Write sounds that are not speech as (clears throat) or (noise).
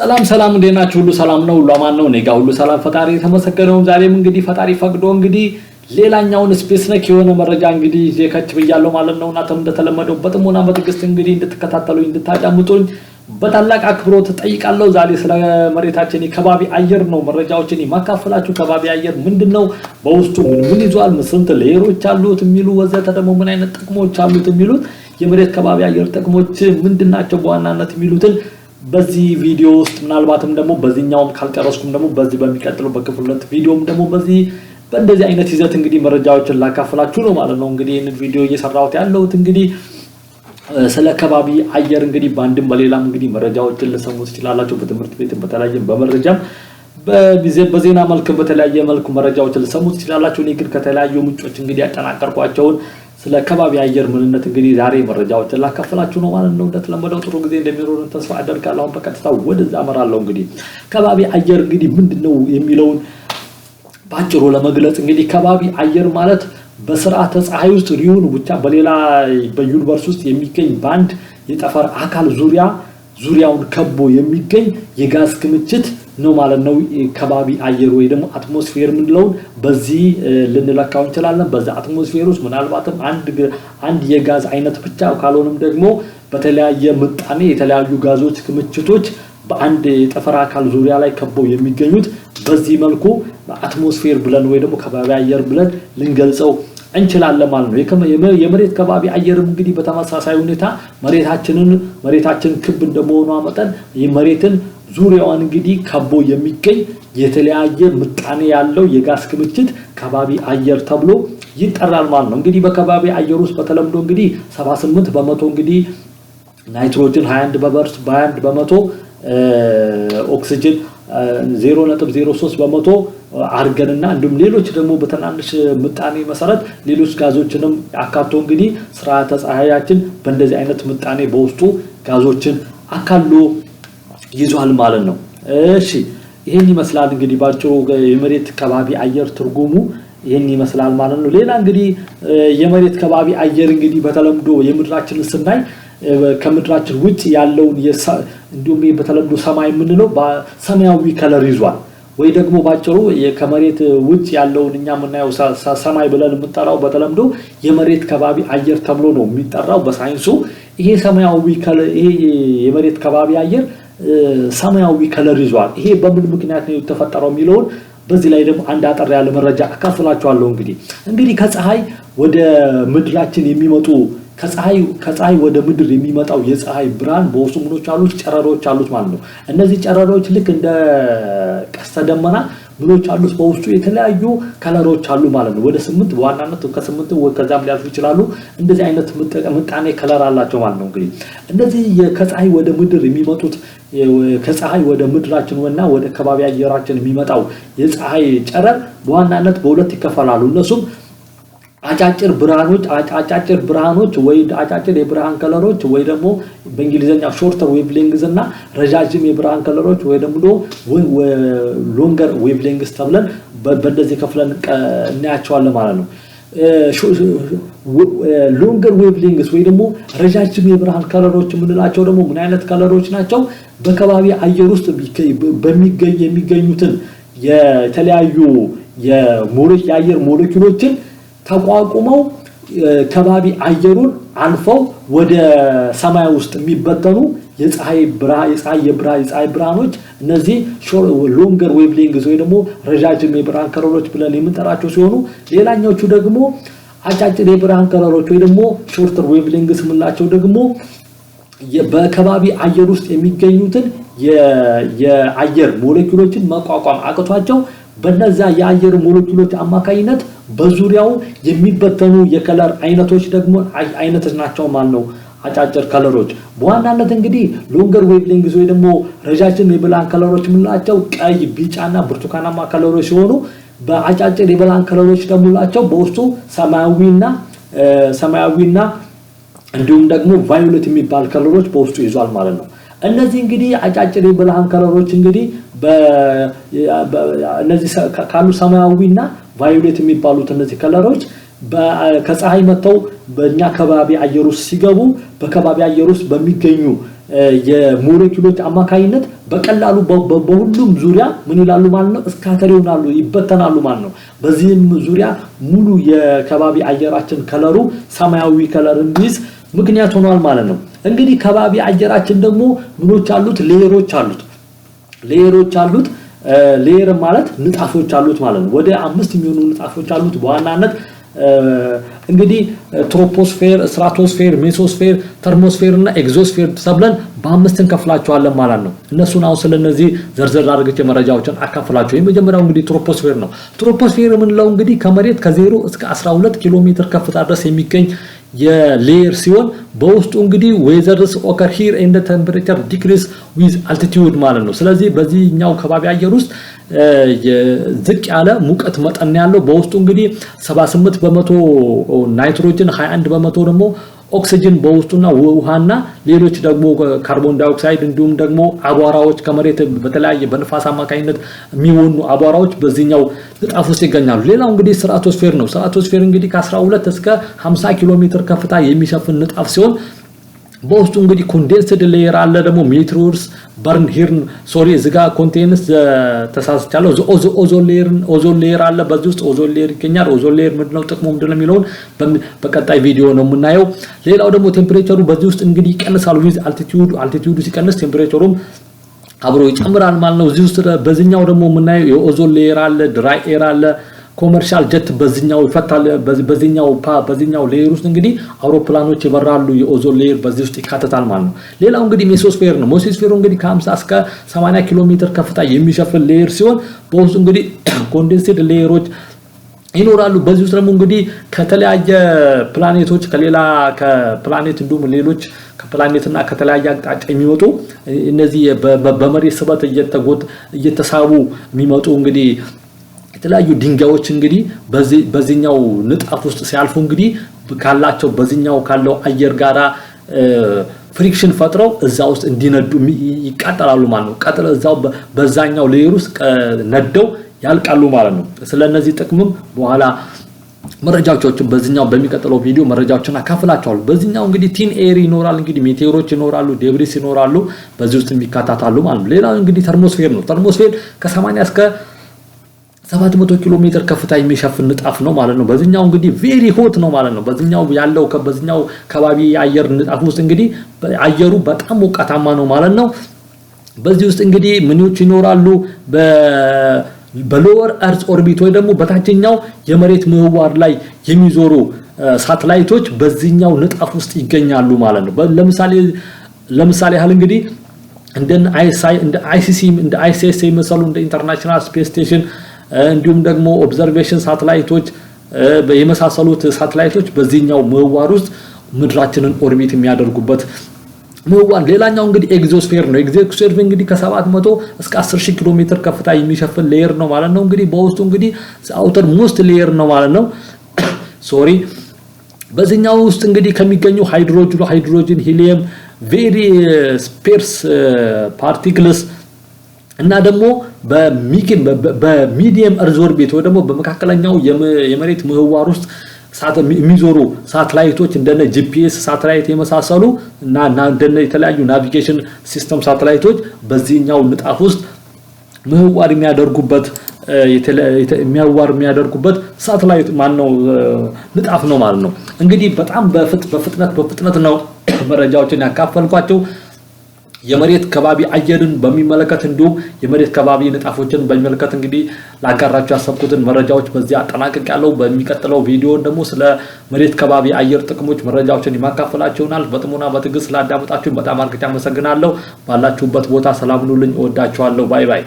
ሰላም ሰላም፣ እንዴት ናችሁ? ሁሉ ሰላም ነው፣ ሁሉ አማን ነው፣ እኔ ጋር ሁሉ ሰላም፣ ፈጣሪ የተመሰገነው። ዛሬም እንግዲህ ፈጣሪ ፈቅዶ እንግዲህ ሌላኛውን ስፔስ ነክ የሆነ መረጃ እንግዲህ ይዤ ከች ብያለሁ ማለት ነው። እናንተም እንደተለመደው በጥሞና በትዕግስት እንግዲህ እንድትከታተሉኝ እንድታዳምጡኝ በታላቅ አክብሮት ጠይቃለሁ። ዛሬ ስለ መሬታችን የከባቢ አየር ነው መረጃዎችን የማካፈላችሁ። ከባቢ አየር ምንድን ነው? በውስጡ ምን ምን ይዟል? ስንት ሌሮች አሉት የሚሉ ወዘተ ደግሞ ምን አይነት ጥቅሞች አሉት የሚሉት የመሬት ከባቢ አየር ጥቅሞች ምንድን ናቸው በዋናነት የሚሉትን በዚህ ቪዲዮ ውስጥ ምናልባትም ደግሞ በዚህኛውም ካልጨረስኩም ደግሞ በዚህ በሚቀጥለው በክፍል ሁለት ቪዲዮም ደግሞ በዚህ በእንደዚህ አይነት ይዘት እንግዲህ መረጃዎችን ላካፍላችሁ ነው ማለት ነው። እንግዲህ ይህንን ቪዲዮ እየሰራሁት ያለሁት እንግዲህ ስለ ከባቢ አየር እንግዲህ በአንድም በሌላም እንግዲህ መረጃዎችን ልሰሙ ትችላላችሁ። በትምህርት ቤትም በተለያየም በመረጃም በዜና መልክ በተለያየ መልኩ መረጃዎችን ልሰሙ ትችላላችሁ። እኔ ግን ከተለያዩ ምንጮች እንግዲህ ያጠናቀርኳቸውን ስለ ከባቢ አየር ምንነት እንግዲህ ዛሬ መረጃዎችን ላካፍላችሁ ነው ማለት ነው። እንደተለመደው ጥሩ ጊዜ እንደሚኖሩን ተስፋ አደርጋለሁ። አሁን በቀጥታ ወደዛ አመራለሁ። እንግዲህ ከባቢ አየር እንግዲህ ምንድን ነው የሚለውን በአጭሩ ለመግለጽ እንግዲህ ከባቢ አየር ማለት በስርዓተ ፀሐይ ውስጥ ሊሆኑ ብቻ በሌላ በዩኒቨርስ ውስጥ የሚገኝ በአንድ የጠፈር አካል ዙሪያ ዙሪያውን ከቦ የሚገኝ የጋዝ ክምችት ነው ማለት ነው። ከባቢ አየር ወይ ደግሞ አትሞስፌር የምንለውን በዚህ ልንለካው እንችላለን። በዛ አትሞስፌር ውስጥ ምናልባትም አንድ የጋዝ አይነት ብቻ ካልሆንም ደግሞ በተለያየ ምጣኔ የተለያዩ ጋዞች ክምችቶች በአንድ የጠፈር አካል ዙሪያ ላይ ከበው የሚገኙት በዚህ መልኩ አትሞስፌር ብለን ወይ ደግሞ ከባቢ አየር ብለን ልንገልጸው እንችላለን ማለት ነው። የመሬት ከባቢ አየርም እንግዲህ በተመሳሳይ ሁኔታ መሬታችንን መሬታችን ክብ እንደመሆኗ መጠን መሬትን ዙሪያዋን እንግዲህ ከቦ የሚገኝ የተለያየ ምጣኔ ያለው የጋስ ክምችት ከባቢ አየር ተብሎ ይጠራል ማለት ነው። እንግዲህ በከባቢ አየር ውስጥ በተለምዶ እንግዲህ 78 በመቶ እንግዲህ ናይትሮጅን 21 በመቶ ኦክሲጅን 0.03 በመቶ አድርገንና እንዲሁም ሌሎች ደግሞ በትናንሽ ምጣኔ መሰረት ሌሎች ጋዞችንም አካቶ እንግዲህ ስርዓተ ፀሐያችን በእንደዚህ አይነት ምጣኔ በውስጡ ጋዞችን አካሎ ይዟል ማለት ነው። እሺ ይህን ይመስላል እንግዲህ ባጭሩ የመሬት ከባቢ አየር ትርጉሙ ይህን ይመስላል ማለት ነው። ሌላ እንግዲህ የመሬት ከባቢ አየር እንግዲህ በተለምዶ የምድራችንን ስናይ ከምድራችን ውጭ ያለውን እንዲሁም ይህ በተለምዶ ሰማይ የምንለው ሰማያዊ ከለር ይዟል ወይ ደግሞ ባጭሩ ከመሬት ውጭ ያለውን እኛ የምናየው ሰማይ ብለን የምንጠራው በተለምዶ የመሬት ከባቢ አየር ተብሎ ነው የሚጠራው በሳይንሱ። ይሄ ሰማያዊ ይሄ የመሬት ከባቢ አየር ሰማያዊ ከለር ይዟል። ይሄ በምን ምክንያት ነው የተፈጠረው የሚለውን በዚህ ላይ ደግሞ አንድ አጠር ያለ መረጃ አካፍላችኋለሁ። እንግዲህ እንግዲህ ከፀሐይ ወደ ምድራችን የሚመጡ ከፀሐይ ወደ ምድር የሚመጣው የፀሐይ ብርሃን በውስጡ ምኖች አሉት ጨረሮች አሉት ማለት ነው። እነዚህ ጨረሮች ልክ እንደ ቀስተ ደመና ምኖች አሉት በውስጡ የተለያዩ ከለሮች አሉ ማለት ነው። ወደ ስምንት በዋናነት ከስምንት ከዛም ሊያልፉ ይችላሉ። እንደዚህ አይነት ምጣኔ ከለር አላቸው ማለት ነው። እንግዲህ እነዚህ ከፀሐይ ወደ ምድር የሚመጡት ከፀሐይ ወደ ምድራችን እና ወደ ከባቢ አየራችን የሚመጣው የፀሐይ ጨረር በዋናነት በሁለት ይከፈላሉ እነሱም አጫጭር ብርሃኖች አጫጭር ብርሃኖች ወይ አጫጭር የብርሃን ከለሮች ወይ ደግሞ በእንግሊዝኛ ሾርተር ዌብሌንግስ እና ረዣዥም የብርሃን ከለሮች ወይ ደግሞ ሎንገር ዌብሌንግስ ተብለን በእንደዚህ ከፍለን እናያቸዋለን ማለት ነው። ሎንገር ዌቭሌንግስ ወይ ደግሞ ረጃጅም የብርሃን ከለሮች የምንላቸው ደግሞ ምን አይነት ከለሮች ናቸው? በከባቢ አየር ውስጥ የሚገኙትን የተለያዩ የአየር ሞለኪሎችን ተቋቁመው ከባቢ አየሩን አልፈው ወደ ሰማይ ውስጥ የሚበተኑ የፀሐይ ብርሃኖች እነዚህ ሎንገር ዌቭ ወይ ደግሞ ረዣዥም የብርሃን ከለሮች ብለን የምንጠራቸው ሲሆኑ ሌላኛዎቹ ደግሞ አጫጭር የብርሃን ከለሮች ወይ ደግሞ ሾርተር ዌቭ የምንላቸው ደግሞ በከባቢ አየር ውስጥ የሚገኙትን የአየር ሞለኪሎችን መቋቋም አቅቷቸው በነዛ የአየር ሞለኪሎች አማካኝነት በዙሪያው የሚበተኑ የከለር አይነቶች ደግሞ አይነቶች ናቸው ማለት ነው። አጫጭር ከለሮች በዋናነት እንግዲህ ሎንገር ዌቭ ሌንግዝ ወይ ደግሞ ረጃጅም የብላን ከለሮች የምንላቸው ቀይ፣ ቢጫና ብርቱካናማ ከለሮች ሲሆኑ በአጫጭር የብላን ከለሮች ደሞላቸው በውስጡ ሰማያዊና ሰማያዊና እንዲሁም ደግሞ ቫዮሌት የሚባል ከለሮች በውስጡ ይዟል ማለት ነው። እነዚህ እንግዲህ አጫጭር የብርሃን ከለሮች እንግዲህ እነዚህ ካሉ ሰማያዊና ቫዮሌት የሚባሉት እነዚህ ከለሮች ከፀሐይ መጥተው በእኛ ከባቢ አየር ውስጥ ሲገቡ በከባቢ አየር ውስጥ በሚገኙ የሞሌኪሎች አማካኝነት በቀላሉ በሁሉም ዙሪያ ምን ይላሉ ማለት ነው እስካተር ይሆናሉ ይበተናሉ ማለት ነው በዚህም ዙሪያ ሙሉ የከባቢ አየራችን ከለሩ ሰማያዊ ከለር እንዲይዝ ምክንያት ሆኗል ማለት ነው እንግዲህ ከባቢ አየራችን ደግሞ ምኖች አሉት ሌየሮች አሉት ሌየሮች አሉት ሌየር ማለት ንጣፎች አሉት ማለት ነው ወደ አምስት የሚሆኑ ንጣፎች አሉት በዋናነት እንግዲህ ትሮፖስፌር ስትራቶስፌር ሜሶስፌር ተርሞስፌር እና ኤግዞስፌር ተብለን በአምስት እንከፍላቸዋለን ማለት ነው እነሱን አሁን ስለነዚህ ዘርዘር አድርገች መረጃዎችን አካፍላቸው የመጀመሪያው እንግዲህ ትሮፖስፌር ነው ትሮፖስፌር የምንለው እንግዲህ ከመሬት ከዜሮ እስከ 12 ኪሎ ሜትር ከፍታ ድረስ የሚገኝ የሌየር ሲሆን በውስጡ እንግዲህ ዌዘርስ ኦከር ሂር ዘ ቴምፕሬቸር ዲክሪስ ዊዝ አልቲቲዩድ ማለት ነው። ስለዚህ በዚህኛው ከባቢ አየር ውስጥ ዝቅ ያለ ሙቀት መጠን ያለው በውስጡ እንግዲህ 78 በመቶ ናይትሮጅን 21 በመቶ ደግሞ ኦክሲጅን በውስጡና ውሃና ሌሎች ደግሞ ካርቦን ዳይኦክሳይድ እንዲሁም ደግሞ አቧራዎች ከመሬት በተለያየ በንፋስ አማካኝነት የሚወኑ አቧራዎች በዚህኛው ንጣፍ ውስጥ ይገኛሉ። ሌላው እንግዲህ ስራቶስፌር ነው። ስርዓቶስፌር እንግዲህ ከ12 እስከ 50 ኪሎ ሜትር ከፍታ የሚሸፍን ንጣፍ ሲሆን በውስጡ እንግዲህ ኮንዴንስድ ሌየር አለ ደግሞ ሜትሮርስ በርን ሂርን ሶሪ ዝጋ ኮንቴንስ ተሳስቻለሁ። ኦዞን ሌየር አለ በዚህ ውስጥ ኦዞን ሌየር ይገኛል። ኦዞን ሌየር ምንድነው ጥቅሙ ምንድነው የሚለውን በቀጣይ ቪዲዮ ነው የምናየው። ሌላው ደግሞ ቴምፕሬቸሩ በዚህ ውስጥ እንግዲህ ይቀንሳሉ ዊዝ አልቲቲዩድ አልቲቲዩዱ ሲቀንስ ቴምፕሬቸሩም አብሮ ይጨምራል ማለት ነው። እዚህ ውስጥ በዚህኛው ደግሞ የምናየው የኦዞን ሌየር አለ ድራይ ኤር አለ ኮመርሻል ጀት በዚኛው ይፈታል። በዚኛው ፓ በዚኛው ሌየር ውስጥ እንግዲህ አውሮፕላኖች ይበራሉ። የኦዞን ሌየር በዚህ ውስጥ ይካተታል ማለት ነው። ሌላው እንግዲህ ሜሶስፌር ነው። ሜሶስፌሩ እንግዲህ ከ50 እስከ 80 ኪሎ ሜትር ከፍታ የሚሸፍን ሌየር ሲሆን በውስጡ እንግዲህ (clears throat) ኮንደንሴድ ሌየሮች ይኖራሉ። በዚህ ውስጥ ደግሞ እንግዲህ ከተለያየ ፕላኔቶች ከሌላ ከፕላኔት እንዲሁም ሌሎች ከፕላኔትና ከተለያየ አቅጣጫ የሚመጡ እነዚህ በመሬት ስበት እየተሳቡ የሚመጡ እንግዲህ የተለያዩ ድንጋዮች እንግዲህ በዚህኛው ንጣፍ ውስጥ ሲያልፉ እንግዲህ ካላቸው በዚህኛው ካለው አየር ጋራ ፍሪክሽን ፈጥረው እዛ ውስጥ እንዲነዱ ይቃጠላሉ ማለት ነው። ቀጥለ እዛው በዛኛው ሌየር ውስጥ ነደው ያልቃሉ ማለት ነው። ስለነዚህ ጥቅምም በኋላ መረጃዎችን በዚህኛው በሚቀጥለው ቪዲዮ መረጃዎችን አካፍላቸዋለሁ። በዚህኛው እንግዲህ ቲን ኤሪ ይኖራል፣ እንግዲህ ሜቴሮች ይኖራሉ፣ ዴብሪስ ይኖራሉ፣ በዚህ ውስጥ የሚካታታሉ ማለት ነው። ሌላው እንግዲህ ተርሞስፌር ነው። ተርሞስፌር ከ80 እስከ 700 ኪሎ ሜትር ከፍታ የሚሸፍን ንጣፍ ነው ማለት ነው። በዚህኛው እንግዲህ ቬሪ ሆት ነው ማለት ነው። በዚህኛው ያለው በዚህኛው ከባቢ አየር ንጣፍ ውስጥ እንግዲህ አየሩ በጣም ሞቃታማ ነው ማለት ነው። በዚህ ውስጥ እንግዲህ ምኖች ይኖራሉ በ በሎወር አርዝ ኦርቢት ወይ ደግሞ በታችኛው የመሬት ምህዋር ላይ የሚዞሩ ሳተላይቶች በዚህኛው ንጣፍ ውስጥ ይገኛሉ ማለት ነው። ለምሳሌ ለምሳሌ ያህል እንግዲህ እንደ አይሲሲ እንደ አይሲኤስ የመሰሉ እንደ ኢንተርናሽናል ስፔስ ስቴሽን እንዲሁም ደግሞ ኦብዘርቬሽን ሳተላይቶች የመሳሰሉት ሳተላይቶች በዚህኛው ምህዋር ውስጥ ምድራችንን ኦርቢት የሚያደርጉበት ምህዋር ሌላኛው እንግዲህ ኤግዞስፌር ነው። ኤግዞስፌር እንግዲህ ከ700 እስከ 10000 ኪሎ ሜትር ከፍታ የሚሸፍን ሌየር ነው ማለት ነው። እንግዲህ በውስጡ እንግዲህ አውተር ሞስት ሌየር ነው ማለት ነው። ሶሪ (coughs) በዚህኛው ውስጥ እንግዲህ ከሚገኙ ሃይድሮጅን ሃይድሮጅን ሂሊየም ቬሪ ስፔርስ ፓርቲክልስ እና ደግሞ በሚዲየም እርዝ ኦርቢት ወይ ደግሞ በመካከለኛው የመሬት ምህዋር ውስጥ የሚዞሩ ሳተላይቶች እንደነ ጂፒኤስ ሳተላይት የመሳሰሉ እና እንደነ የተለያዩ ናቪጌሽን ሲስተም ሳተላይቶች በዚህኛው ንጣፍ ውስጥ ምህዋር የሚያደርጉበት የሚያዋር የሚያደርጉበት ሳተላይት ማን ነው ንጣፍ ነው ማለት ነው። እንግዲህ በጣም በፍጥነት በፍጥነት ነው መረጃዎችን ያካፈልኳቸው። የመሬት ከባቢ አየርን በሚመለከት እንዲሁም የመሬት ከባቢ ንጣፎችን በሚመለከት እንግዲህ ላጋራቸው ያሰብኩትን መረጃዎች በዚህ አጠናቀቅ ያለው በሚቀጥለው ቪዲዮ ደግሞ ስለ መሬት ከባቢ አየር ጥቅሞች መረጃዎችን ይሆናል በጥሞና በትዕግስት ስላዳመጣችሁን በጣም አርግቻ አመሰግናለሁ። ባላችሁበት ቦታ ሰላም ሁኑልኝ። እወዳችኋለሁ። ባይ ባይ።